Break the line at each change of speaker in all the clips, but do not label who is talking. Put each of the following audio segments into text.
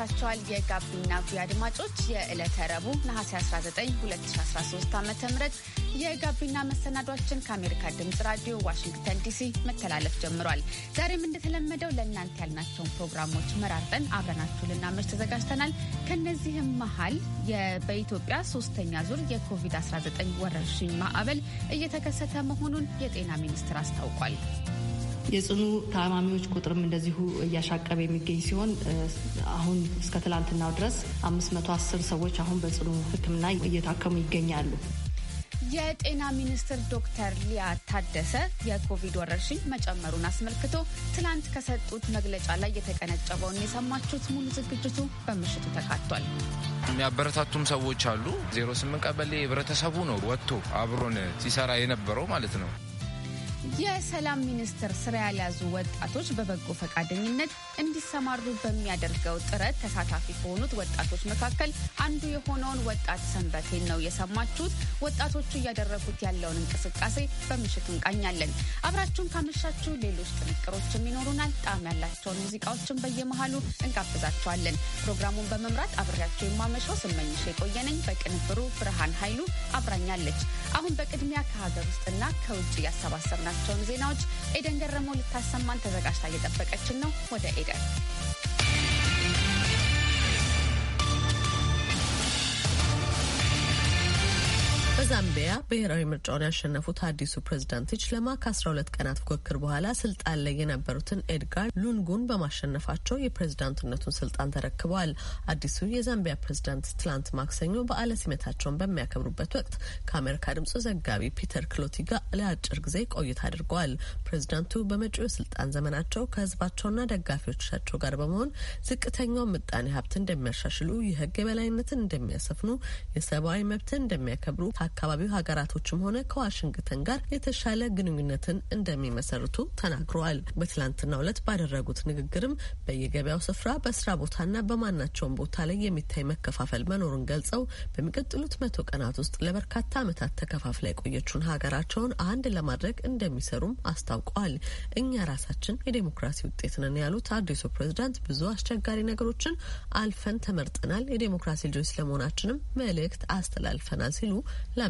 ተመልሳችኋል። የጋቢና ቪ አድማጮች የዕለተ ረቡዕ ነሐሴ 19 2013 ዓ ም የጋቢና መሰናዷችን ከአሜሪካ ድምፅ ራዲዮ ዋሽንግተን ዲሲ መተላለፍ ጀምሯል። ዛሬም እንደተለመደው ለእናንተ ያልናቸውን ፕሮግራሞች መራርጠን አብረናችሁ ልናመሽ ተዘጋጅተናል። ከእነዚህም መሀል በኢትዮጵያ ሶስተኛ ዙር የኮቪድ-19 ወረርሽኝ ማዕበል እየተከሰተ መሆኑን የጤና ሚኒስቴር አስታውቋል።
የጽኑ ታማሚዎች ቁጥርም እንደዚሁ እያሻቀበ የሚገኝ ሲሆን አሁን እስከ ትላንትናው ድረስ 510 ሰዎች አሁን በጽኑ ሕክምና እየታከሙ ይገኛሉ።
የጤና ሚኒስትር ዶክተር ሊያ ታደሰ የኮቪድ ወረርሽኝ መጨመሩን አስመልክቶ ትናንት ከሰጡት መግለጫ ላይ የተቀነጨበውን የሰማችሁት። ሙሉ ዝግጅቱ በምሽቱ ተካቷል።
የሚያበረታቱም ሰዎች አሉ። 08 ቀበሌ ህብረተሰቡ ነው ወጥቶ አብሮን ሲሰራ የነበረው ማለት ነው።
የሰላም ሚኒስቴር ስራ ያልያዙ ወጣቶች በበጎ ፈቃደኝነት እንዲሰማሩ በሚያደርገው ጥረት ተሳታፊ ከሆኑት ወጣቶች መካከል አንዱ የሆነውን ወጣት ሰንበቴን ነው የሰማችሁት። ወጣቶቹ እያደረጉት ያለውን እንቅስቃሴ በምሽት እንቃኛለን። አብራችሁን ካመሻችሁ ሌሎች ጥንቅሮችም ይኖሩናል። ጣዕም ያላቸውን ሙዚቃዎችን በየመሃሉ እንጋብዛቸዋለን። ፕሮግራሙን በመምራት አብሬያቸው የማመሸው ስመኝሽ የቆየነኝ፣ በቅንብሩ ብርሃን ኃይሉ አብራኛለች። አሁን በቅድሚያ ከሀገር ውስጥና ከውጭ ያሰባሰብናቸው ያሰናዳናቸውን ዜናዎች ኤደን ገረመው ልታሰማን ተዘጋጅታ እየጠበቀችን ነው። ወደ ኤደን
በዛምቢያ ብሔራዊ ምርጫውን ያሸነፉት አዲሱ ፕሬዚዳንት ሂችለማ ከ12 ቀናት ፉክክር በኋላ ስልጣን ላይ የነበሩትን ኤድጋር ሉንጉን በማሸነፋቸው የፕሬዝዳንትነቱን ስልጣን ተረክበዋል። አዲሱ የዛምቢያ ፕሬዝዳንት ትላንት ማክሰኞ በዓለ ሲመታቸውን በሚያከብሩበት ወቅት ከአሜሪካ ድምጽ ዘጋቢ ፒተር ክሎቲ ጋር ለአጭር ጊዜ ቆይታ አድርገዋል። ፕሬዚዳንቱ በመጪው የስልጣን ዘመናቸው ከህዝባቸውና ደጋፊዎቻቸው ጋር በመሆን ዝቅተኛውን ምጣኔ ሀብት እንደሚያሻሽሉ፣ የህግ የበላይነትን እንደሚያሰፍኑ፣ የሰብአዊ መብትን እንደሚያከብሩ ከአካባቢው ሀገራቶችም ሆነ ከዋሽንግተን ጋር የተሻለ ግንኙነትን እንደሚመሰርቱ ተናግረዋል። በትላንትናው ዕለት ባደረጉት ንግግርም በየገበያው ስፍራ፣ በስራ ቦታና በማናቸውም ቦታ ላይ የሚታይ መከፋፈል መኖሩን ገልጸው በሚቀጥሉት መቶ ቀናት ውስጥ ለበርካታ ዓመታት ተከፋፍላ የቆየችውን ሀገራቸውን አንድ ለማድረግ እንደሚሰሩም አስታውቀዋል። እኛ ራሳችን የዴሞክራሲ ውጤት ነን ያሉት አዲሱ ፕሬዝዳንት ብዙ አስቸጋሪ ነገሮችን አልፈን ተመርጠናል፣ የዴሞክራሲ ልጆች ስለመሆናችንም መልእክት አስተላልፈናል ሲሉ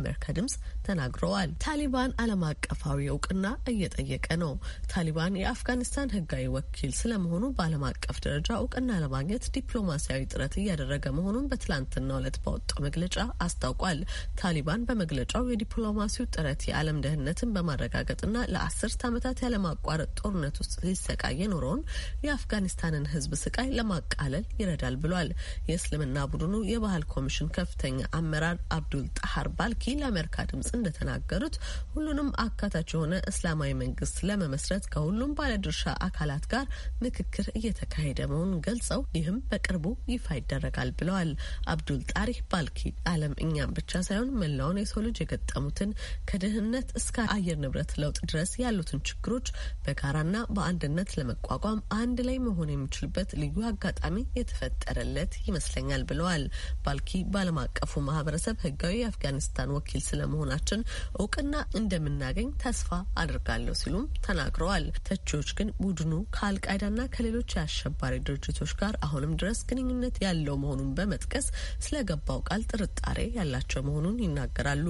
ለአሜሪካ ድምጽ ተናግረዋል። ታሊባን ዓለም አቀፋዊ እውቅና እየጠየቀ ነው። ታሊባን የአፍጋኒስታን ህጋዊ ወኪል ስለመሆኑ በዓለም አቀፍ ደረጃ እውቅና ለማግኘት ዲፕሎማሲያዊ ጥረት እያደረገ መሆኑን በትላንትናው ዕለት ባወጣው መግለጫ አስታውቋል። ታሊባን በመግለጫው የዲፕሎማሲው ጥረት የዓለም ደህንነትን በማረጋገጥና ለአስርት ዓመታት ያለማቋረጥ ጦርነት ውስጥ ሲሰቃይ የኖረውን የአፍጋኒስታንን ህዝብ ስቃይ ለማቃለል ይረዳል ብሏል። የእስልምና ቡድኑ የባህል ኮሚሽን ከፍተኛ አመራር አብዱል ጣሀር ባልኪ ለአሜሪካ ድምጽ እንደተናገሩት ሁሉንም አካታች የሆነ እስላማዊ መንግስት ለመመስረት ከሁሉም ባለድርሻ አካላት ጋር ምክክር እየተካሄደ መሆኑን ገልጸው ይህም በቅርቡ ይፋ ይደረጋል ብለዋል። አብዱል ጣሪህ ባልኪ ዓለም እኛም ብቻ ሳይሆን መላውን የሰው ልጅ የገጠሙትን ከድህነት እስከ አየር ንብረት ለውጥ ድረስ ያሉትን ችግሮች በጋራና በአንድነት ለመቋቋም አንድ ላይ መሆን የሚችልበት ልዩ አጋጣሚ የተፈጠረለት ይመስለኛል ብለዋል። ባልኪ በዓለም አቀፉ ማህበረሰብ ህጋዊ የአፍጋኒስታን የኢትዮጵያን ወኪል ስለመሆናችን እውቅና እንደምናገኝ ተስፋ አድርጋለሁ ሲሉም ተናግረዋል። ተቺዎች ግን ቡድኑ ከአልቃይዳና ከሌሎች የአሸባሪ ድርጅቶች ጋር አሁንም ድረስ ግንኙነት ያለው መሆኑን በመጥቀስ ስለገባው ቃል ጥርጣሬ ያላቸው መሆኑን ይናገራሉ።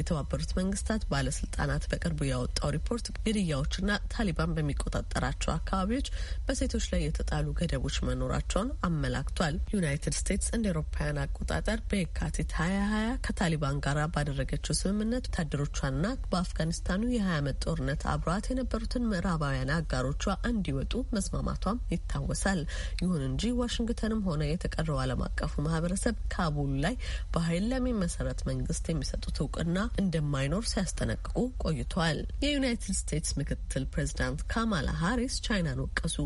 የተባበሩት መንግስታት ባለስልጣናት በቅርቡ ያወጣው ሪፖርት ግድያዎችና ታሊባን በሚቆጣጠራቸው አካባቢዎች በሴቶች ላይ የተጣሉ ገደቦች መኖራቸውን አመላክቷል። ዩናይትድ ስቴትስ እንደ ኤሮፓውያን አቆጣጠር በየካቲት 2020 ከታሊባን ጋር ባደረገችው ስምምነት ወታደሮቿና በአፍጋኒስታኑ የ20 ዓመት ጦርነት አብሯት የነበሩትን ምዕራባውያን አጋሮቿ እንዲወጡ መስማማቷም ይታወሳል። ይሁን እንጂ ዋሽንግተንም ሆነ የተቀረው ዓለም አቀፉ ማህበረሰብ ካቡል ላይ በኃይል ለሚመሰረት መንግስት የሚሰጡት እውቅና እንደማይኖር ሲያስጠነቅቁ ቆይተዋል። የዩናይትድ ስቴትስ ምክትል ፕሬዚዳንት ካማላ ሀሪስ ቻይናን ወቀሱ።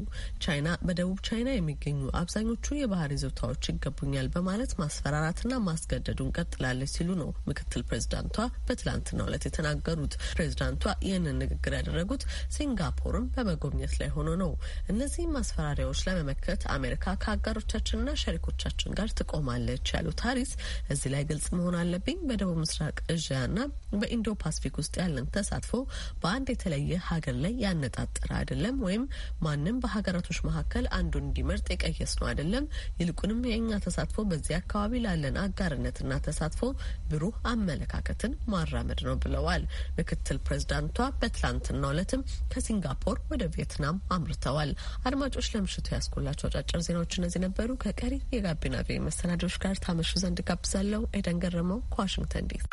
ቻይና በደቡብ ቻይና የሚገኙ አብዛኞቹ የባህር ይዞታዎች ይገቡኛል በማለት ማስፈራራትና ማስገደዱን ቀጥላለች ሲሉ ነው ምክትል ፕሬዝዳንቷ በትላንትናው ዕለት የተናገሩት። ፕሬዝዳንቷ ይህንን ንግግር ያደረጉት ሲንጋፖርን በመጎብኘት ላይ ሆኖ ነው። እነዚህ ማስፈራሪያዎች ለመመከት አሜሪካ ከአጋሮቻችንና ሸሪኮቻችን ጋር ትቆማለች ያሉት ሀሪስ እዚህ ላይ ግልጽ መሆን አለብኝ፣ በደቡብ ምስራቅ እስያና በኢንዶ ፓስፊክ ውስጥ ያለን ተሳትፎ በአንድ የተለየ ሀገር ላይ ያነጣጠረ አይደለም ወይም ማንም በሀገራቶች መካከል አንዱን እንዲመርጥ የቀየስ ነው አይደለም። ይልቁንም የእኛ ተሳትፎ በዚህ አካባቢ ላለን አጋርነትና ተሳትፎ ብሩህ አመ። አመለካከትን ማራመድ ነው ብለዋል። ምክትል ፕሬዚዳንቷ በትላንትናው ዕለትም ከሲንጋፖር ወደ ቪየትናም አምርተዋል። አድማጮች ለምሽቱ ያስኮላቸው አጫጭር ዜናዎች እነዚህ ነበሩ። ከቀሪ የጋቢና ቪኦኤ መሰናዶች ጋር ታመሹ ዘንድ ጋብዛለሁ። ኤደን ገረመው ከዋሽንግተን ዲሲ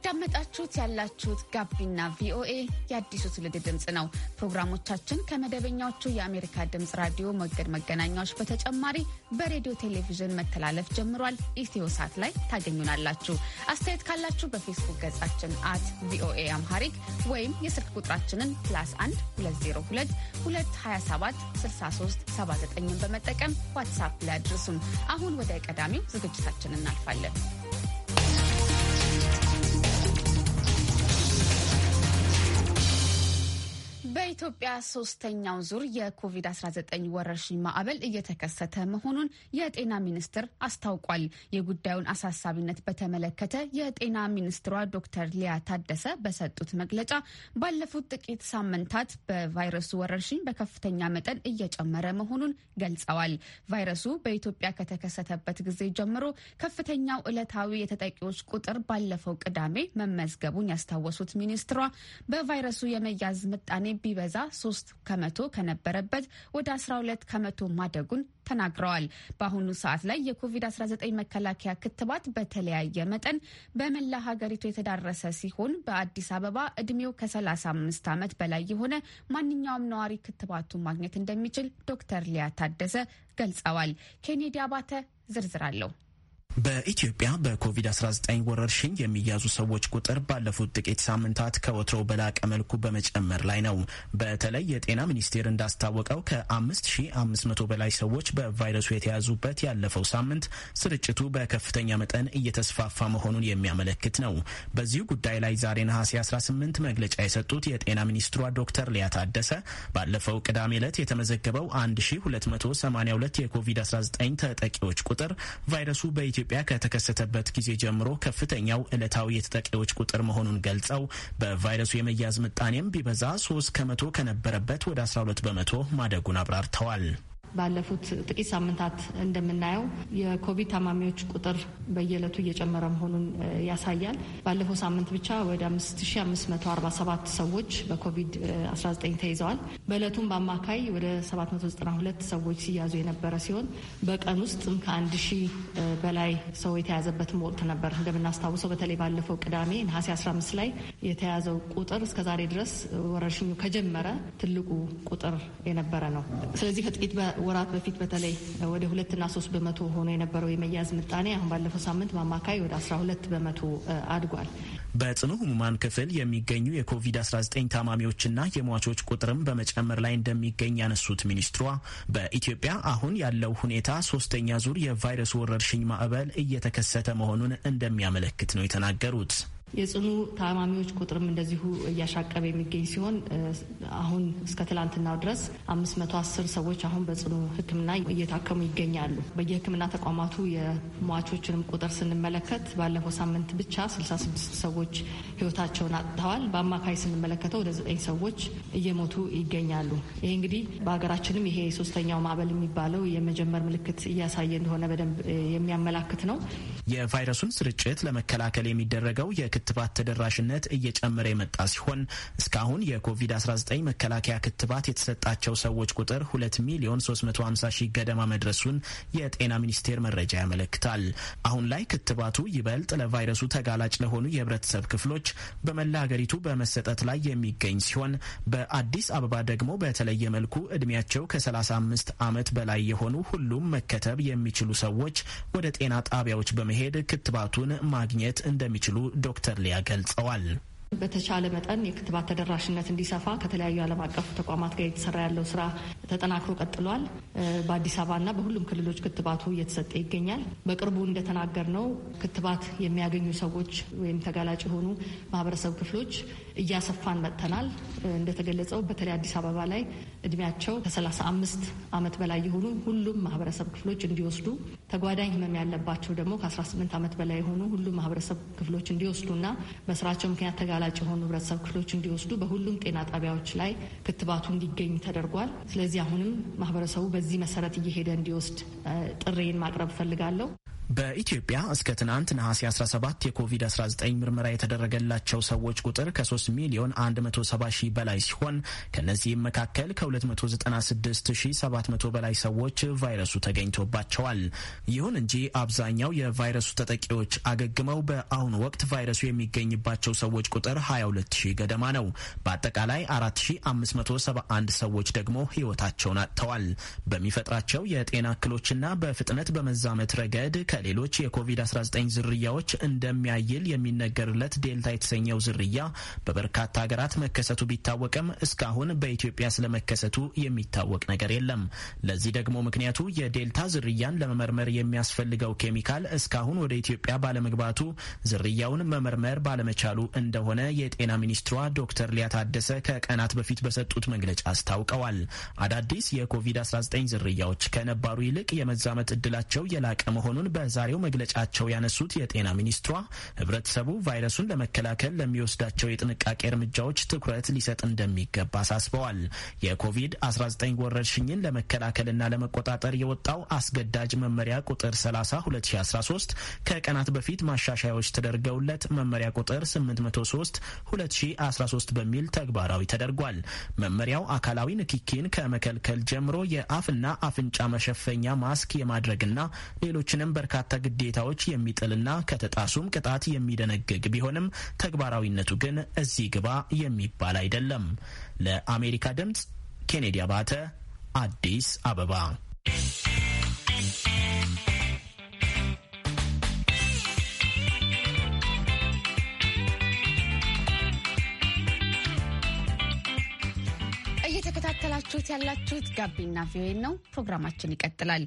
እያዳመጣችሁት ያላችሁት ጋቢና ቪኦኤ የአዲሱ ትውልድ ድምፅ ነው። ፕሮግራሞቻችን ከመደበኛዎቹ የአሜሪካ ድምፅ ራዲዮ ሞገድ መገናኛዎች በተጨማሪ በሬዲዮ ቴሌቪዥን መተላለፍ ጀምሯል። ኢትዮ ሳት ላይ ታገኙናላችሁ። አስተያየት ካላችሁ በፌስቡክ ገጻችን አት ቪኦኤ አምሃሪክ ወይም የስልክ ቁጥራችንን ፕላስ 1 202 227 6379 በመጠቀም ዋትሳፕ ላይ አድርሱን። አሁን ወደ ቀዳሚው ዝግጅታችን እናልፋለን። በኢትዮጵያ ሶስተኛው ዙር የኮቪድ-19 ወረርሽኝ ማዕበል እየተከሰተ መሆኑን የጤና ሚኒስቴር አስታውቋል። የጉዳዩን አሳሳቢነት በተመለከተ የጤና ሚኒስትሯ ዶክተር ሊያ ታደሰ በሰጡት መግለጫ ባለፉት ጥቂት ሳምንታት በቫይረሱ ወረርሽኝ በከፍተኛ መጠን እየጨመረ መሆኑን ገልጸዋል። ቫይረሱ በኢትዮጵያ ከተከሰተበት ጊዜ ጀምሮ ከፍተኛው ዕለታዊ የተጠቂዎች ቁጥር ባለፈው ቅዳሜ መመዝገቡን ያስታወሱት ሚኒስትሯ በቫይረሱ የመያዝ ምጣኔ ቢበ ሲበዛ ሶስት ከመቶ ከነበረበት ወደ 12 ከመቶ ማደጉን ተናግረዋል። በአሁኑ ሰዓት ላይ የኮቪድ-19 መከላከያ ክትባት በተለያየ መጠን በመላ ሀገሪቱ የተዳረሰ ሲሆን በአዲስ አበባ እድሜው ከ35 ዓመት በላይ የሆነ ማንኛውም ነዋሪ ክትባቱን ማግኘት እንደሚችል ዶክተር ሊያ ታደሰ ገልጸዋል። ኬኔዲ አባተ ዝርዝር አለው።
በኢትዮጵያ በኮቪድ-19 ወረርሽኝ የሚያዙ ሰዎች ቁጥር ባለፉት ጥቂት ሳምንታት ከወትሮው በላቀ መልኩ በመጨመር ላይ ነው። በተለይ የጤና ሚኒስቴር እንዳስታወቀው ከ5500 በላይ ሰዎች በቫይረሱ የተያዙበት ያለፈው ሳምንት ስርጭቱ በከፍተኛ መጠን እየተስፋፋ መሆኑን የሚያመለክት ነው። በዚሁ ጉዳይ ላይ ዛሬ ነሐሴ 18 መግለጫ የሰጡት የጤና ሚኒስትሯ ዶክተር ሊያ ታደሰ ባለፈው ቅዳሜ ዕለት የተመዘገበው 1282 የኮቪድ-19 ተጠቂዎች ቁጥር ቫይረሱ በኢትዮ በኢትዮጵያ ከተከሰተበት ጊዜ ጀምሮ ከፍተኛው ዕለታዊ የተጠቂዎች ቁጥር መሆኑን ገልጸው በቫይረሱ የመያዝ ምጣኔም ቢበዛ ሶስት ከመቶ ከነበረበት ወደ 12 በመቶ ማደጉን አብራርተዋል።
ባለፉት ጥቂት ሳምንታት እንደምናየው የኮቪድ ታማሚዎች ቁጥር በየዕለቱ እየጨመረ መሆኑን ያሳያል። ባለፈው ሳምንት ብቻ ወደ 5547 ሰዎች በኮቪድ-19 ተይዘዋል። በዕለቱም በአማካይ ወደ 792 ሰዎች ሲያዙ የነበረ ሲሆን በቀን ውስጥም ከ ሺህ በላይ ሰው የተያዘበትም ወቅት ነበር። እንደምናስታውሰው በተለይ ባለፈው ቅዳሜ ነሐሴ 15 ላይ የተያዘው ቁጥር እስከዛሬ ድረስ ወረርሽኙ ከጀመረ ትልቁ ቁጥር የነበረ ነው። ስለዚህ ከጥቂት ወራት በፊት በተለይ ወደ ሁለትና ሶስት በመቶ ሆኖ የነበረው የመያዝ ምጣኔ አሁን ባለፈው ሳምንት በአማካይ ወደ 12 በመቶ አድጓል።
በጽኑ ህሙማን ክፍል የሚገኙ የኮቪድ-19 ታማሚዎችና የሟቾች ቁጥርም በመጨመር ላይ እንደሚገኝ ያነሱት ሚኒስትሯ በኢትዮጵያ አሁን ያለው ሁኔታ ሶስተኛ ዙር የቫይረስ ወረርሽኝ ማዕበል እየተከሰተ መሆኑን እንደሚያመለክት ነው የተናገሩት።
የጽኑ ታማሚዎች ቁጥርም እንደዚሁ እያሻቀበ የሚገኝ ሲሆን አሁን እስከ ትላንትናው ድረስ አስር ሰዎች አሁን በጽኑ ሕክምና እየታከሙ ይገኛሉ። በየሕክምና ተቋማቱ የሟቾችንም ቁጥር ስንመለከት ባለፈው ሳምንት ብቻ 66 ሰዎች ሕይወታቸውን አጥተዋል። በአማካይ ስንመለከተው ወደ ዘጠኝ ሰዎች እየሞቱ ይገኛሉ። ይሄ እንግዲህ በሀገራችንም ይሄ ሶስተኛው ማዕበል የሚባለው የመጀመር ምልክት እያሳየ እንደሆነ በደንብ የሚያመላክት
ነው። የቫይረሱን ስርጭት ለመከላከል የሚደረገው ክትባት ተደራሽነት እየጨመረ የመጣ ሲሆን እስካሁን የኮቪድ-19 መከላከያ ክትባት የተሰጣቸው ሰዎች ቁጥር 2 ሚሊዮን 350 ሺህ ገደማ መድረሱን የጤና ሚኒስቴር መረጃ ያመለክታል። አሁን ላይ ክትባቱ ይበልጥ ለቫይረሱ ተጋላጭ ለሆኑ የህብረተሰብ ክፍሎች በመላ ሀገሪቱ በመሰጠት ላይ የሚገኝ ሲሆን በአዲስ አበባ ደግሞ በተለየ መልኩ እድሜያቸው ከ35 ዓመት በላይ የሆኑ ሁሉም መከተብ የሚችሉ ሰዎች ወደ ጤና ጣቢያዎች በመሄድ ክትባቱን ማግኘት እንደሚችሉ ዶክተር ዶክተር ሊያ ገልጸዋል።
በተቻለ መጠን የክትባት ተደራሽነት እንዲሰፋ ከተለያዩ ዓለም አቀፍ ተቋማት ጋር የተሰራ ያለው ስራ ተጠናክሮ ቀጥሏል። በአዲስ አበባና በሁሉም ክልሎች ክትባቱ እየተሰጠ ይገኛል። በቅርቡ እንደተናገር ነው ክትባት የሚያገኙ ሰዎች ወይም ተጋላጭ የሆኑ ማህበረሰብ ክፍሎች እያሰፋን መጥተናል። እንደተገለጸው በተለይ አዲስ አበባ ላይ እድሜያቸው ከ35 ዓመት በላይ የሆኑ ሁሉም ማህበረሰብ ክፍሎች እንዲወስዱ፣ ተጓዳኝ ህመም ያለባቸው ደግሞ ከ18 ዓመት በላይ የሆኑ ሁሉም ማህበረሰብ ክፍሎች እንዲወስዱ እና በስራቸው ምክንያት ተጋላጭ የሆኑ ህብረተሰብ ክፍሎች እንዲወስዱ በሁሉም ጤና ጣቢያዎች ላይ ክትባቱ እንዲገኝ ተደርጓል። ስለዚህ አሁንም ማህበረሰቡ በዚህ መሰረት እየሄደ እንዲወስድ ጥሬን ማቅረብ እፈልጋለሁ።
በኢትዮጵያ እስከ ትናንት ነሐሴ 17 የኮቪድ-19 ምርመራ የተደረገላቸው ሰዎች ቁጥር ከ3 ሚሊዮን 170 ሺህ በላይ ሲሆን ከእነዚህም መካከል ከ296700 በላይ ሰዎች ቫይረሱ ተገኝቶባቸዋል። ይሁን እንጂ አብዛኛው የቫይረሱ ተጠቂዎች አገግመው በአሁኑ ወቅት ቫይረሱ የሚገኝባቸው ሰዎች ቁጥር 22 ሺህ ገደማ ነው። በአጠቃላይ 4571 ሰዎች ደግሞ ህይወታቸውን አጥተዋል። በሚፈጥራቸው የጤና እክሎችና በፍጥነት በመዛመት ረገድ ከሌሎች የኮቪድ-19 ዝርያዎች እንደሚያይል የሚነገርለት ዴልታ የተሰኘው ዝርያ በበርካታ ሀገራት መከሰቱ ቢታወቅም እስካሁን በኢትዮጵያ ስለመከሰቱ የሚታወቅ ነገር የለም። ለዚህ ደግሞ ምክንያቱ የዴልታ ዝርያን ለመመርመር የሚያስፈልገው ኬሚካል እስካሁን ወደ ኢትዮጵያ ባለመግባቱ ዝርያውን መመርመር ባለመቻሉ እንደሆነ የጤና ሚኒስትሯ ዶክተር ሊያ ታደሰ ከቀናት በፊት በሰጡት መግለጫ አስታውቀዋል። አዳዲስ የኮቪድ-19 ዝርያዎች ከነባሩ ይልቅ የመዛመት እድላቸው የላቀ መሆኑን በ በዛሬው መግለጫቸው ያነሱት የጤና ሚኒስትሯ ህብረተሰቡ ቫይረሱን ለመከላከል ለሚወስዳቸው የጥንቃቄ እርምጃዎች ትኩረት ሊሰጥ እንደሚገባ አሳስበዋል። የኮቪድ-19 ወረርሽኝን ለመከላከልና ለመቆጣጠር የወጣው አስገዳጅ መመሪያ ቁጥር 30 2013 ከቀናት በፊት ማሻሻያዎች ተደርገውለት መመሪያ ቁጥር 803 2013 በሚል ተግባራዊ ተደርጓል። መመሪያው አካላዊ ንክኪን ከመከልከል ጀምሮ የአፍና አፍንጫ መሸፈኛ ማስክ የማድረግና ሌሎችንም በር በርካታ ግዴታዎች የሚጥልና ከተጣሱም ቅጣት የሚደነግግ ቢሆንም ተግባራዊነቱ ግን እዚህ ግባ የሚባል አይደለም። ለአሜሪካ ድምፅ ኬኔዲ አባተ አዲስ አበባ።
እየተከታተላችሁት ያላችሁት ጋቢና ቪኦኤ ነው። ፕሮግራማችን ይቀጥላል።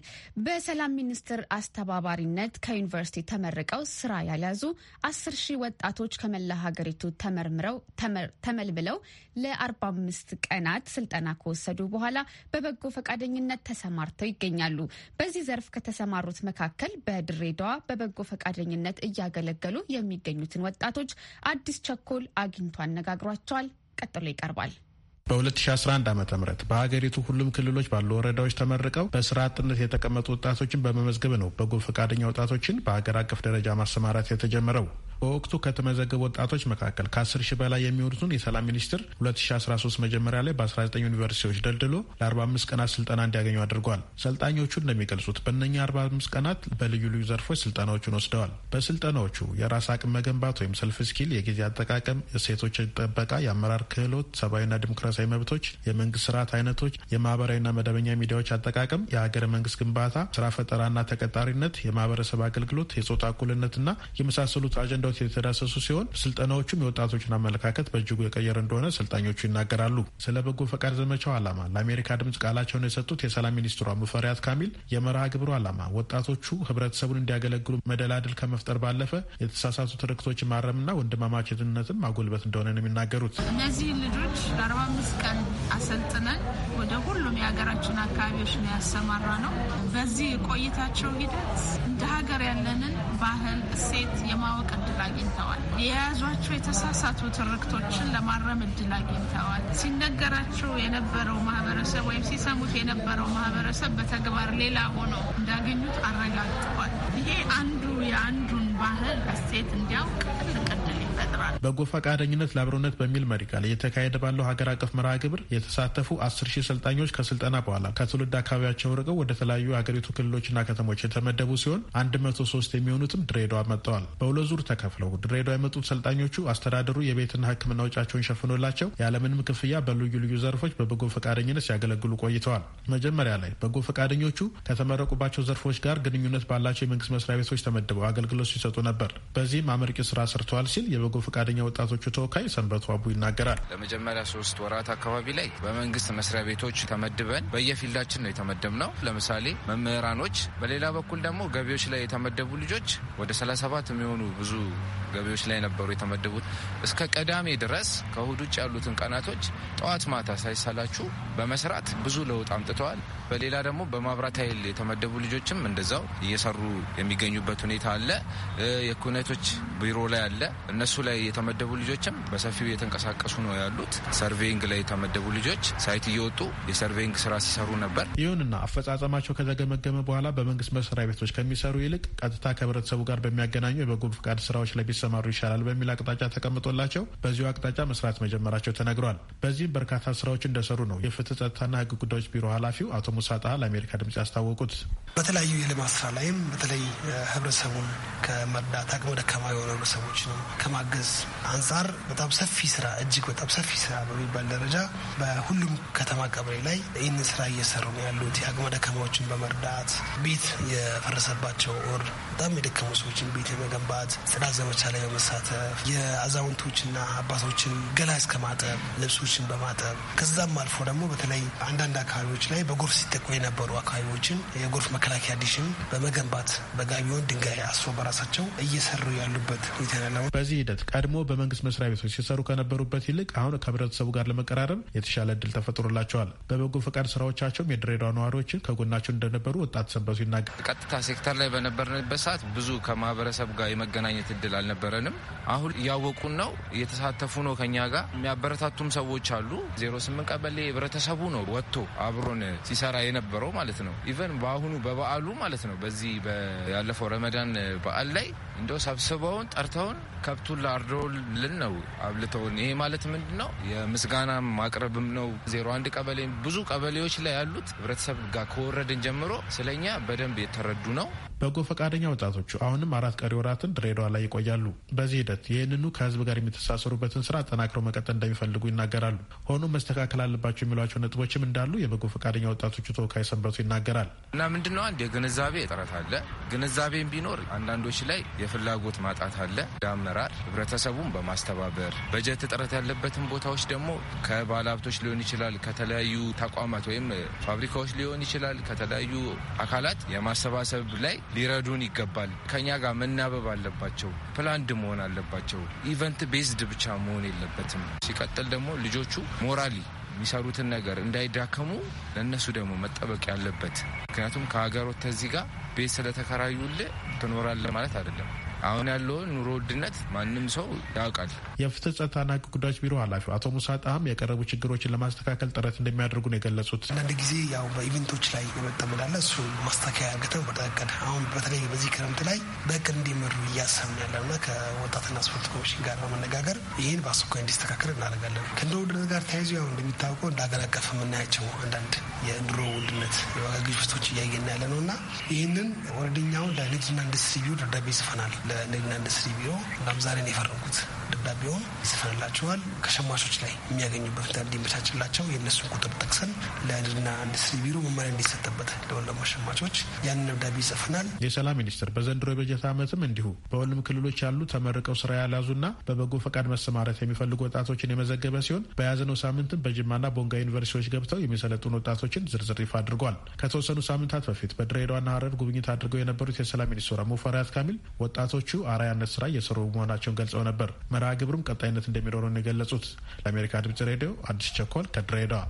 በሰላም ሚኒስቴር አስተባባሪነት ከዩኒቨርሲቲ ተመርቀው ስራ ያልያዙ አስር ሺህ ወጣቶች ከመላ ሀገሪቱ ተመርምረው ተመልምለው ለ45 ቀናት ስልጠና ከወሰዱ በኋላ በበጎ ፈቃደኝነት ተሰማርተው ይገኛሉ። በዚህ ዘርፍ ከተሰማሩት መካከል በድሬዳዋ በበጎ ፈቃደኝነት እያገለገሉ የሚገኙትን ወጣቶች አዲስ ቸኮል አግኝቶ አነጋግሯቸዋል። ቀጥሎ ይቀርባል።
በ2011 ዓ ም በሀገሪቱ ሁሉም ክልሎች ባሉ ወረዳዎች ተመርቀው በስራ አጥነት የተቀመጡ ወጣቶችን በመመዝገብ ነው በጎ ፈቃደኛ ወጣቶችን በሀገር አቀፍ ደረጃ ማሰማራት የተጀመረው። በወቅቱ ከተመዘገቡ ወጣቶች መካከል ከ10 ሺህ በላይ የሚሆኑትን የሰላም ሚኒስቴር 2013 መጀመሪያ ላይ በ19 ዩኒቨርሲቲዎች ደልድሎ ለ45 ቀናት ስልጠና እንዲያገኙ አድርጓል። ሰልጣኞቹ እንደሚገልጹት በእነኛ 45 ቀናት በልዩ ልዩ ዘርፎች ስልጠናዎቹን ወስደዋል። በስልጠናዎቹ የራስ አቅም መገንባት ወይም ሰልፍ ስኪል፣ የጊዜ አጠቃቀም፣ የሴቶች ጥበቃ፣ የአመራር ክህሎት፣ ሰብአዊና ዲሞክራሲ የዲሞክራሲያዊ መብቶች፣ የመንግስት ስርዓት አይነቶች፣ የማህበራዊና መደበኛ ሚዲያዎች አጠቃቀም፣ የሀገረ መንግስት ግንባታ፣ ስራ ፈጠራና ተቀጣሪነት፣ የማህበረሰብ አገልግሎት፣ የጾታ እኩልነትና የመሳሰሉት አጀንዳዎች የተዳሰሱ ሲሆን ስልጠናዎቹም የወጣቶችን አመለካከት በእጅጉ የቀየረ እንደሆነ ሰልጣኞቹ ይናገራሉ። ስለ በጎ ፈቃድ ዘመቻው አላማ ለአሜሪካ ድምጽ ቃላቸውን የሰጡት የሰላም ሚኒስትሯ ሙፈሪያት ካሚል የመርሃ ግብሩ ዓላማ ወጣቶቹ ህብረተሰቡን እንዲያገለግሉ መደላድል ከመፍጠር ባለፈ የተሳሳቱ ትርክቶች ማረምና ወንድማማችነትን ማጎልበት እንደሆነ ነው የሚናገሩት።
እነዚህ ልጆች ለአርባ አምስት ቀን አሰልጥነን ወደ ሁሉም የሀገራችን አካባቢዎች ነው ያሰማራ ነው። በዚህ ቆይታቸው ሂደት እንደ ሀገር ያለንን ባህል እሴት የማወቅ እድል አግኝተዋል። የያዟቸው የተሳሳቱ ትርክቶችን ለማረም እድል አግኝተዋል። ሲነገራቸው የነበረው ማህበረሰብ ወይም ሲሰሙት የነበረው ማህበረሰብ በተግባር ሌላ ሆኖ እንዳገኙት አረጋግጠዋል። ይሄ አንዱ የአንዱን ባህል እሴት እንዲያውቅ
በጎ ፈቃደኝነት ለአብሮነት በሚል መሪ ቃል እየተካሄደ ባለው ሀገር አቀፍ መርሃ ግብር የተሳተፉ አስር ሺህ ሰልጣኞች ከስልጠና በኋላ ከትውልድ አካባቢያቸው ርቀው ወደ ተለያዩ የሀገሪቱ ክልሎችና ከተሞች የተመደቡ ሲሆን አንድ መቶ ሶስት የሚሆኑትም ድሬዳዋ መጥተዋል። በሁለት ዙር ተከፍለው ድሬዳዋ የመጡት ሰልጣኞቹ አስተዳደሩ የቤትና ሕክምና ውጫቸውን ሸፍኖላቸው ያለምንም ክፍያ በልዩ ልዩ ዘርፎች በበጎ ፈቃደኝነት ሲያገለግሉ ቆይተዋል። መጀመሪያ ላይ በጎ ፈቃደኞቹ ከተመረቁባቸው ዘርፎች ጋር ግንኙነት ባላቸው የመንግስት መስሪያ ቤቶች ተመድበው አገልግሎት ሲሰጡ ነበር። በዚህም አመርቂ ስራ ሰርተዋል ሲል የበጎ ፈቃደ አንደኛ ወጣቶቹ ተወካይ ሰንበቱ አቡ ይናገራል።
ለመጀመሪያ ሶስት ወራት አካባቢ ላይ በመንግስት መስሪያ ቤቶች ተመድበን በየፊልዳችን ነው የተመደብነው። ለምሳሌ መምህራኖች፣ በሌላ በኩል ደግሞ ገቢዎች ላይ የተመደቡ ልጆች ወደ 37 የሚሆኑ ብዙ ገቢዎች ላይ ነበሩ የተመደቡት። እስከ ቀዳሜ ድረስ ከእሁድ ውጭ ያሉትን ቀናቶች ጠዋት ማታ ሳይሳላችሁ በመስራት ብዙ ለውጥ አምጥተዋል። በሌላ ደግሞ በማብራት ኃይል የተመደቡ ልጆችም እንደዛው እየሰሩ የሚገኙበት ሁኔታ አለ። የኩነቶች ቢሮ ላይ አለ እነሱ ላይ የተመደቡ ልጆችም በሰፊው እየተንቀሳቀሱ ነው ያሉት። ሰርቬይንግ ላይ የተመደቡ ልጆች ሳይት እየወጡ የሰርቬይንግ ስራ ሲሰሩ ነበር።
ይሁንና አፈጻጸማቸው ከተገመገመ በኋላ በመንግስት መስሪያ ቤቶች ከሚሰሩ ይልቅ ቀጥታ ከህብረተሰቡ ጋር በሚያገናኙ የበጎ ፍቃድ ስራዎች ላይ ቢሰማሩ ይሻላል በሚል አቅጣጫ ተቀምጦላቸው በዚሁ አቅጣጫ መስራት መጀመራቸው ተነግሯል። በዚህም በርካታ ስራዎች እንደሰሩ ነው የፍትህ ጸጥታና ህግ ጉዳዮች ቢሮ ኃላፊው አቶ ሙሳ ጣሃ ለአሜሪካ ድምጽ ያስታወቁት።
በተለያዩ የልማት ስራ ላይም በተለይ ህብረተሰቡን ከመርዳት አቅመ ደካማ የሆኑ ህብረተሰቦች ነው ከማገዝ አንጻር በጣም ሰፊ ስራ እጅግ በጣም ሰፊ ስራ በሚባል ደረጃ በሁሉም ከተማ ቀበሌ ላይ ይህን ስራ እየሰሩ ነው ያሉት። የአቅመ ደካማዎችን በመርዳት ቤት የፈረሰባቸው ወር በጣም የደከሙ ሰዎችን ቤት የመገንባት ጽዳት ዘመቻ ላይ በመሳተፍ የአዛውንቶችና አባቶችን ገላ እስከ ማጠብ ልብሶችን በማጠብ ከዛም አልፎ ደግሞ በተለይ አንዳንድ አካባቢዎች ላይ በጎርፍ ሲጠቁ የነበሩ አካባቢዎችን የጎርፍ መከላከያ ዲሽን በመገንባት በጋቢውን ድንጋይ አስሮ
በራሳቸው እየሰሩ ያሉበት ሁኔታ ነው። በዚህ ሂደት ቀድሞ በመንግስት መስሪያ ቤቶች ሲሰሩ ከነበሩበት ይልቅ አሁን ከህብረተሰቡ ጋር ለመቀራረብ የተሻለ እድል ተፈጥሮላቸዋል። በበጎ ፈቃድ ስራዎቻቸውም የድሬዳዋ ነዋሪዎችን ከጎናቸው እንደነበሩ ወጣት ሰንበቱ ይናገራል።
ቀጥታ ሴክተር ላይ በነበርንበት ሰዓት ብዙ ከማህበረሰብ ጋር የመገናኘት እድል አልነበረንም። አሁን እያወቁን ነው፣ እየተሳተፉ ነው። ከኛ ጋር የሚያበረታቱም ሰዎች አሉ። ዜሮ ስምንት ቀበሌ ህብረተሰቡ ነው ወጥቶ አብሮን ሲሰራ የነበረው ማለት ነው። ኢቨን በአሁኑ በበዓሉ ማለት ነው በዚህ ያለፈው ረመዳን በዓል ላይ እንደው ሰብስበውን ጠርተውን ከብቱን ላርዶልን ነው አብልተውን። ይሄ ማለት ምንድን ነው? የምስጋና ማቅረብም ነው። ዜሮ አንድ ቀበሌ ብዙ ቀበሌዎች ላይ ያሉት ህብረተሰብ ጋር ከወረድን ጀምሮ ስለኛ በደንብ የተረዱ ነው።
በጎ ፈቃደኛ ወጣቶቹ አሁንም አራት ቀሪ ወራትን ድሬዳዋ ላይ ይቆያሉ። በዚህ ሂደት ይህንኑ ከህዝብ ጋር የሚተሳሰሩበትን ስራ አጠናክረው መቀጠል እንደሚፈልጉ ይናገራሉ። ሆኖም መስተካከል አለባቸው የሚሏቸው ነጥቦችም እንዳሉ የበጎ ፈቃደኛ ወጣቶቹ ተወካይ ሰንበቱ ይናገራል።
እና ምንድነው አንድ የግንዛቤ እጥረት አለ። ግንዛቤም ቢኖር አንዳንዶች ላይ የፍላጎት ማጣት አለ። አመራር ህብረተሰቡን በማስተባበር በጀት እጥረት ያለበትን ቦታዎች ደግሞ ከባለሀብቶች ሊሆን ይችላል፣ ከተለያዩ ተቋማት ወይም ፋብሪካዎች ሊሆን ይችላል፣ ከተለያዩ አካላት የማሰባሰብ ላይ ሊረዱን ይገባል። ከኛ ጋር መናበብ አለባቸው። ፕላንድ መሆን አለባቸው። ኢቨንት ቤዝድ ብቻ መሆን የለበትም። ሲቀጥል ደግሞ ልጆቹ ሞራሊ የሚሰሩትን ነገር እንዳይዳከሙ ለእነሱ ደግሞ መጠበቅ ያለበት ምክንያቱም ከሀገር ወጥተህ እዚህ ጋር ቤት ስለተከራዩልህ ትኖራለህ ማለት አይደለም። አሁን ያለውን ኑሮ ውድነት ማንም ሰው ያውቃል።
የፍትህ ጸጥታና ህግ ጉዳዮች ቢሮ ኃላፊ አቶ ሙሳ ጣም የቀረቡ ችግሮችን ለማስተካከል ጥረት እንደሚያደርጉ ነው የገለጹት። አንዳንድ
ጊዜ ያው
በኢቨንቶች ላይ የመጠመዳለ እሱ ማስተካከያ ገተው በተቀድ አሁን በተለይ በዚህ ክረምት ላይ በእቅድ እንዲመሩ እያሰብን ያለውና ከወጣትና ስፖርት ኮሚሽን ጋር በመነጋገር ይህን በአስቸኳይ እንዲስተካከል እናደርጋለን። ከኑሮ ውድነት ጋር ተያይዞ ያው እንደሚታወቀው እንዳገናቀፍ የምናያቸው አንዳንድ የኑሮ ውድነት የዋጋ ግሽበቶች እያየን ያለ ነው እና ይህንን ወረደኛውን ለንግድና ኢንዱስትሪ ደብዳቤ ይጽፈናል ለንግድና ኢንዱስትሪ ቢሮ እናም ዛሬ የፈረምኩት። ደብዳቤውን ይሰፈርላቸዋል። ከሸማቾች ላይ የሚያገኙበት ምክንያት እንዲመቻችላቸው የእነሱን ቁጥር ጠቅሰን ለንግድና ኢንዱስትሪ ቢሮ መመሪያ
እንዲሰጥበት ለወለሙ ሸማቾች ያንን ደብዳቤ ይጽፈናል። የሰላም ሚኒስቴር በዘንድሮ የበጀት ዓመትም እንዲሁ በሁሉም ክልሎች ያሉ ተመርቀው ስራ ያልያዙና በበጎ ፈቃድ መሰማራት የሚፈልጉ ወጣቶችን የመዘገበ ሲሆን በያዝነው ሳምንትም በጅማና ቦንጋ ዩኒቨርሲቲዎች ገብተው የሚሰለጥኑ ወጣቶችን ዝርዝር ይፋ አድርጓል። ከተወሰኑ ሳምንታት በፊት በድሬዳዋና ሀረር ጉብኝት አድርገው የነበሩት የሰላም ሚኒስትሯ ሙፈሪያት ካሚል ወጣቶቹ አራያነት ስራ እየሰሩ መሆናቸውን ገልጸው ነበር። መርሃ ግብሩም ቀጣይነት እንደሚኖረው ነው የገለጹት። ለአሜሪካ ድምጽ ሬዲዮ አዲስ ቸኮል ከድሬዳዋ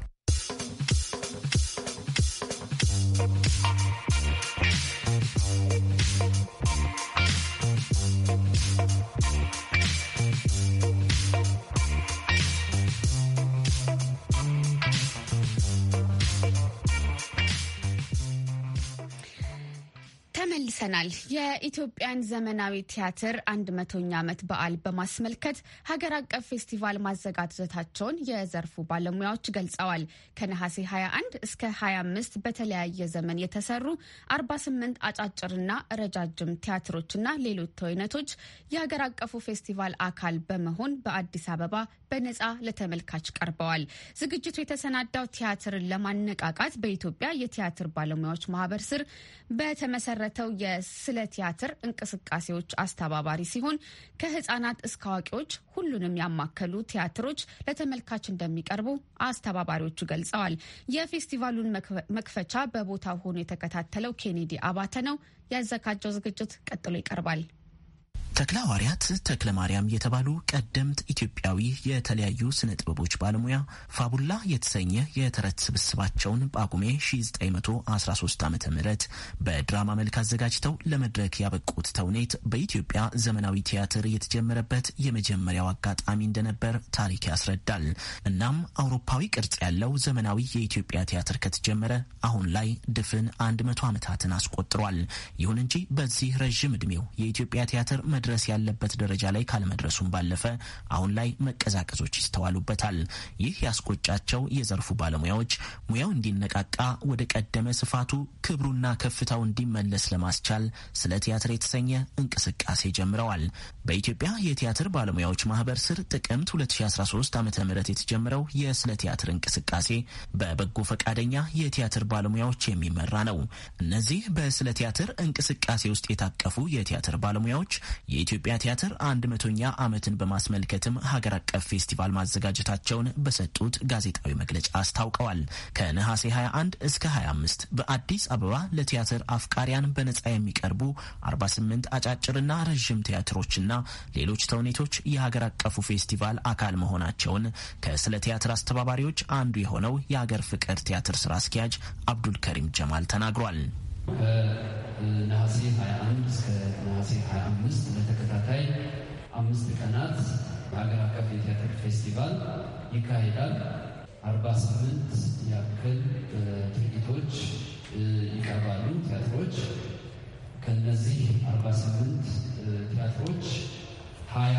ይሆናል። የኢትዮጵያን ዘመናዊ ቲያትር አንድ መቶኛ ዓመት በዓል በማስመልከት ሀገር አቀፍ ፌስቲቫል ማዘጋጀታቸውን የዘርፉ ባለሙያዎች ገልጸዋል። ከነሐሴ 21 እስከ 25 በተለያየ ዘመን የተሰሩ 48 አጫጭርና ረጃጅም ቲያትሮችና ሌሎች ተውነቶች የሀገር አቀፉ ፌስቲቫል አካል በመሆን በአዲስ አበባ በነጻ ለተመልካች ቀርበዋል። ዝግጅቱ የተሰናዳው ቲያትርን ለማነቃቃት በኢትዮጵያ የቲያትር ባለሙያዎች ማህበር ስር በተመሰረተው ስለ ቲያትር እንቅስቃሴዎች አስተባባሪ ሲሆን ከህጻናት እስከ አዋቂዎች ሁሉንም ያማከሉ ቲያትሮች ለተመልካች እንደሚቀርቡ አስተባባሪዎቹ ገልጸዋል። የፌስቲቫሉን መክፈቻ በቦታው ሆኖ የተከታተለው ኬኔዲ አባተ ነው። ያዘጋጀው ዝግጅት ቀጥሎ ይቀርባል።
ተክለ ሐዋርያት ተክለ ማርያም የተባሉ ቀደምት ኢትዮጵያዊ የተለያዩ ስነ ጥበቦች ባለሙያ ፋቡላ የተሰኘ የተረት ስብስባቸውን በጳጉሜ 1913 ዓ ም በድራማ መልክ አዘጋጅተው ለመድረክ ያበቁት ተውኔት በኢትዮጵያ ዘመናዊ ቲያትር የተጀመረበት የመጀመሪያው አጋጣሚ እንደነበር ታሪክ ያስረዳል። እናም አውሮፓዊ ቅርጽ ያለው ዘመናዊ የኢትዮጵያ ቲያትር ከተጀመረ አሁን ላይ ድፍን 100 ዓመታትን አስቆጥሯል። ይሁን እንጂ በዚህ ረዥም ዕድሜው የኢትዮጵያ ቲያትር መድረስ ያለበት ደረጃ ላይ ካለመድረሱም ባለፈ አሁን ላይ መቀዛቀዞች ይስተዋሉበታል። ይህ ያስቆጫቸው የዘርፉ ባለሙያዎች ሙያው እንዲነቃቃ፣ ወደ ቀደመ ስፋቱ ክብሩና ከፍታው እንዲመለስ ለማስቻል ስለ ቲያትር የተሰኘ እንቅስቃሴ ጀምረዋል። በኢትዮጵያ የቲያትር ባለሙያዎች ማህበር ስር ጥቅምት 2013 ዓ ም የተጀመረው የስለ ቲያትር እንቅስቃሴ በበጎ ፈቃደኛ የቲያትር ባለሙያዎች የሚመራ ነው። እነዚህ በስለ ቲያትር እንቅስቃሴ ውስጥ የታቀፉ የቲያትር ባለሙያዎች የኢትዮጵያ ቲያትር አንድ መቶኛ ዓመትን በማስመልከትም ሀገር አቀፍ ፌስቲቫል ማዘጋጀታቸውን በሰጡት ጋዜጣዊ መግለጫ አስታውቀዋል። ከነሐሴ 21 እስከ 25 በአዲስ አበባ ለቲያትር አፍቃሪያን በነጻ የሚቀርቡ 48 አጫጭርና ረዥም ቲያትሮችና ሌሎች ተውኔቶች የሀገር አቀፉ ፌስቲቫል አካል መሆናቸውን ከስለ ቲያትር አስተባባሪዎች አንዱ የሆነው የሀገር ፍቅር ቲያትር ስራ አስኪያጅ አብዱልከሪም ጀማል ተናግሯል።
ከነሐሴ 21 አምስት ቀናት በሀገር አቀፍ የቲያትር ፌስቲቫል ይካሄዳል። አርባ ስምንት ያክል ትርኢቶች ይቀርባሉ ቲያትሮች። ከነዚህ አርባ ስምንት ቲያትሮች ሀያ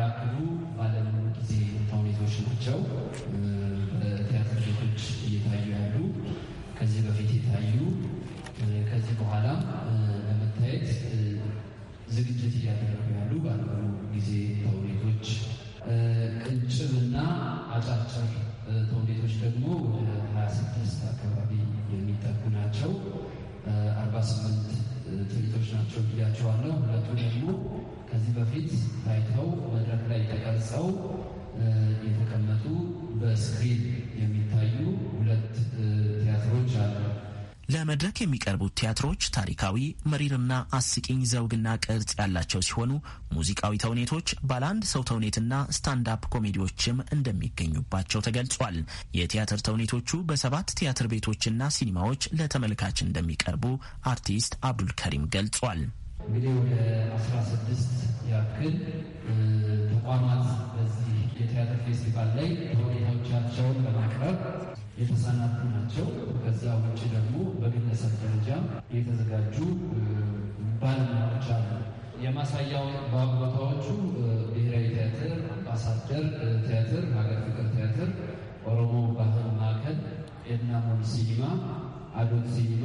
ያክሉ ባለሙሉ ጊዜ ተውኔቶች ናቸው በቲያትር ቤቶች እየታዩ ያሉ ከዚህ በፊት የታዩ ከዚህ በኋላ ለመታየት ዝግጅት እያደረጉ ያሉ ባልሆኑ ጊዜ ተውኔቶች፣ ቅንጭብና አጫጭር ተውኔቶች ደግሞ ወደ 26 አካባቢ የሚጠጉ ናቸው። 48 ትርኢቶች ናቸው ብያቸዋለሁ። ሁለቱ ደግሞ ከዚህ በፊት ታይተው መድረክ ላይ ተቀርጸው የተቀመጡ በስክሪን የሚታዩ ሁለት ቲያትሮች አሉ።
ለመድረክ የሚቀርቡት ቲያትሮች ታሪካዊ፣ መሪርና አስቂኝ ዘውግና ቅርጽ ያላቸው ሲሆኑ ሙዚቃዊ ተውኔቶች፣ ባለ አንድ ሰው ተውኔትና ስታንዳፕ ኮሜዲዎችም እንደሚገኙባቸው ተገልጿል። የቲያትር ተውኔቶቹ በሰባት ቲያትር ቤቶችና ሲኒማዎች ለተመልካች እንደሚቀርቡ አርቲስት አብዱል ከሪም ገልጿል።
እንግዲህ ወደ 16 ያክል ተቋማት በዚህ የቲያትር ፌስቲቫል ላይ ተውኔቶቻቸውን ለማቅረብ የተሰናዱ ናቸው። ከዛ ውጭ ደግሞ በግለሰብ ደረጃ የተዘጋጁ ባለሙያዎች አሉ። የማሳያው ቦታዎቹ ብሔራዊ ቲያትር፣ አምባሳደር ቲያትር፣ ሀገር ፍቅር ቲያትር፣ ኦሮሞ ባህል ማዕከል፣ ኤድናሞን ሲኒማ፣ አዶት ሲኒማ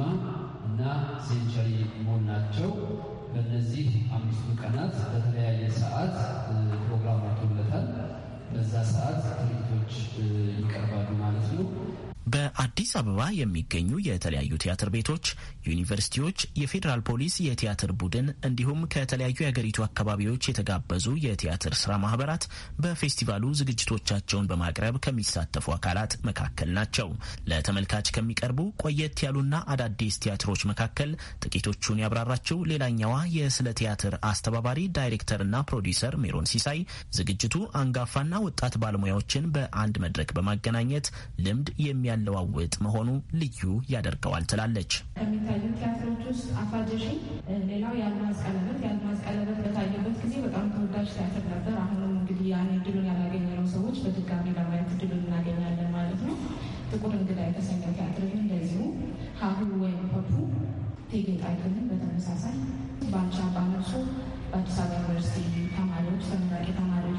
እና ሴንቸሪ ሞል ናቸው። በእነዚህ አምስቱ ቀናት በተለያየ ሰዓት ፕሮግራም አቶለታል። በዛ ሰዓት ትርኢቶች ይቀርባል።
አዲስ አበባ የሚገኙ የተለያዩ ቲያትር ቤቶች፣ ዩኒቨርሲቲዎች፣ የፌዴራል ፖሊስ የቲያትር ቡድን እንዲሁም ከተለያዩ የሀገሪቱ አካባቢዎች የተጋበዙ የቲያትር ስራ ማህበራት በፌስቲቫሉ ዝግጅቶቻቸውን በማቅረብ ከሚሳተፉ አካላት መካከል ናቸው። ለተመልካች ከሚቀርቡ ቆየት ያሉና አዳዲስ ቲያትሮች መካከል ጥቂቶቹን ያብራራችው ሌላኛዋ የስለ ቲያትር አስተባባሪ ዳይሬክተርና ፕሮዲሰር ሜሮን ሲሳይ ዝግጅቱ አንጋፋና ወጣት ባለሙያዎችን በአንድ መድረክ በማገናኘት ልምድ የሚያለዋ የሚለውጥ መሆኑ ልዩ ያደርገዋል ትላለች።
ከሚታዩ ቲያትሮች ውስጥ አፋጀሺ ሌላው የአልማዝ ቀለበት፣ የአልማዝ ቀለበት በታየበት ጊዜ በጣም ተወዳጅ ቲያትር ነበር። አሁንም እንግዲህ ያን እድሉን ያላገኘነው ሰዎች በድጋሚ ለማየት እድሉን እናገኛለን ማለት ነው። ጥቁር እንግዳ የተሰኘ ቲያትርን እንደዚሁ ሀሁ ወይም ፐፑ እቴጌ ጣይቱንም በተመሳሳይ ባልቻ ባነሱ በአዲስ አበባ ዩኒቨርሲቲ ተማሪዎች ተመራቂ ተማሪዎች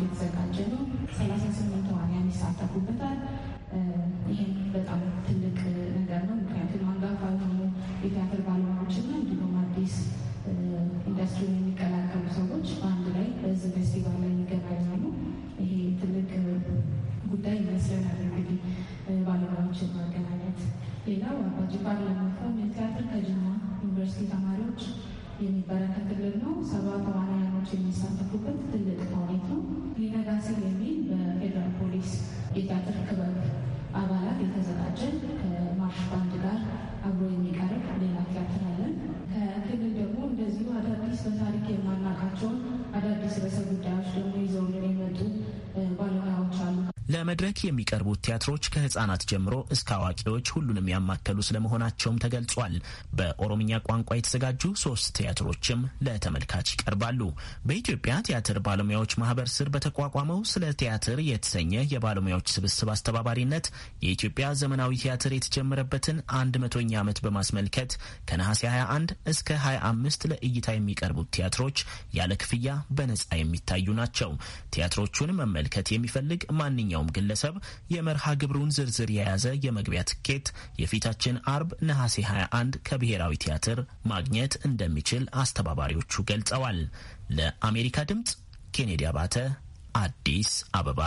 በመድረክ የሚቀርቡት ቲያትሮች ከህጻናት ጀምሮ እስከ አዋቂዎች ሁሉንም ያማከሉ ስለመሆናቸውም ተገልጿል። በኦሮምኛ ቋንቋ የተዘጋጁ ሶስት ቲያትሮችም ለተመልካች ይቀርባሉ። በኢትዮጵያ ቲያትር ባለሙያዎች ማህበር ስር በተቋቋመው ስለ ቲያትር የተሰኘ የባለሙያዎች ስብስብ አስተባባሪነት የኢትዮጵያ ዘመናዊ ቲያትር የተጀመረበትን አንድ መቶኛ ዓመት በማስመልከት ከነሐሴ 21 እስከ 25 ለእይታ የሚቀርቡት ቲያትሮች ያለ ክፍያ በነጻ የሚታዩ ናቸው። ቲያትሮቹን መመልከት የሚፈልግ ማንኛውም ግለ ግለሰብ የመርሃ ግብሩን ዝርዝር የያዘ የመግቢያ ትኬት የፊታችን አርብ ነሐሴ 21 ከብሔራዊ ቲያትር ማግኘት እንደሚችል አስተባባሪዎቹ ገልጸዋል። ለአሜሪካ ድምፅ ኬኔዲ አባተ አዲስ አበባ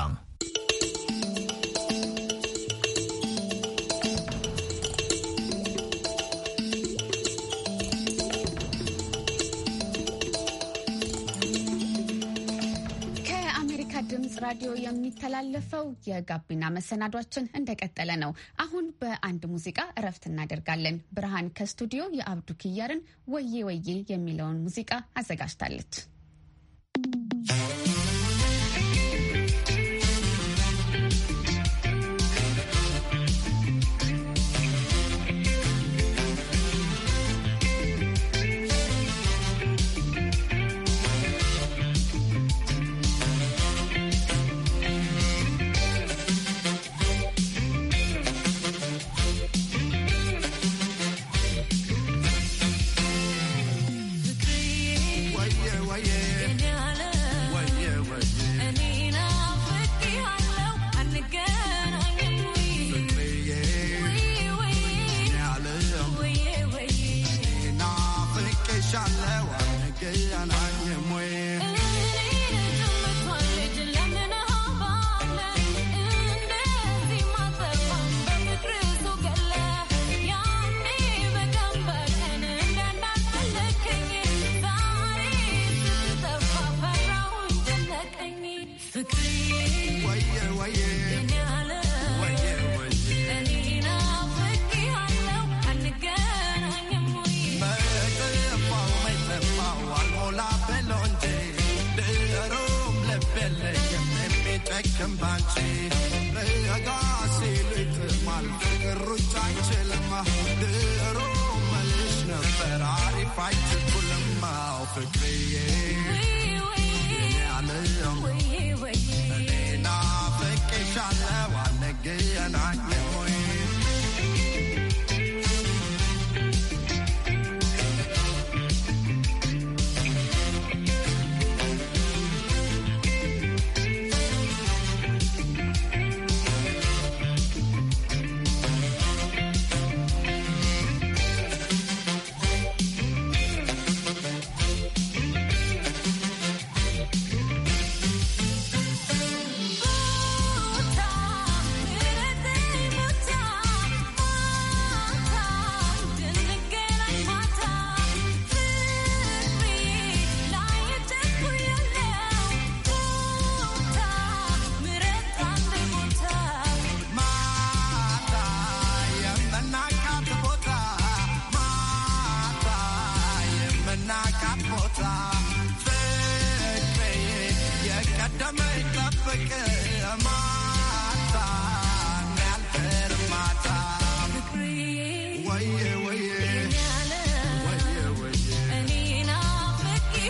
ራዲዮ የሚተላለፈው የጋቢና መሰናዷችን እንደቀጠለ ነው። አሁን በአንድ ሙዚቃ እረፍት እናደርጋለን። ብርሃን ከስቱዲዮ የአብዱ ኪያርን ወዬ ወዬ የሚለውን ሙዚቃ አዘጋጅታለች።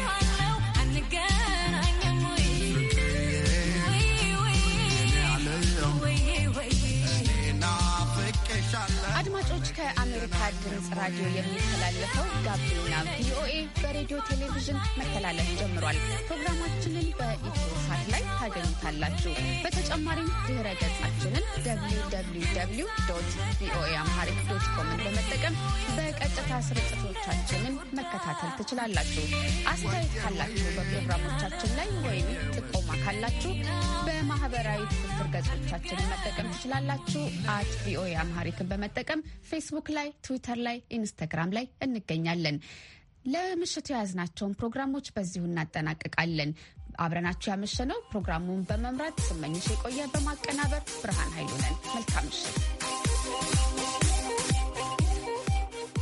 behind ራዲዮ የሚተላለፈው ጋቢና ቪኦኤ በሬዲዮ ቴሌቪዥን መተላለፍ ጀምሯል። ፕሮግራማችንን በኢትዮ ሳት ላይ ታገኙታላችሁ። በተጨማሪም ድህረ ገጻችንን ዶት ቪኦኤ አምሃሪክ ዶት ኮምን በመጠቀም በቀጥታ ስርጭቶቻችንን መከታተል ትችላላችሁ። አስተያየት ካላችሁ በፕሮግራሞቻችን ላይ ወይም ጥቆማ ካላችሁ በማህበራዊ ትስስር ገጾቻችንን መጠቀም ትችላላችሁ። አት ቪኦኤ አምሃሪክን በመጠቀም ፌስቡክ ላይ፣ ትዊተር ላይ ኢንስታግራም ላይ እንገኛለን። ለምሽቱ የያዝናቸውን ፕሮግራሞች በዚሁ እናጠናቅቃለን። አብረናችሁ ያመሸነው ፕሮግራሙን በመምራት ስመኝሽ የቆየ በማቀናበር ብርሃን ኃይሉ ነን። መልካም ምሽት።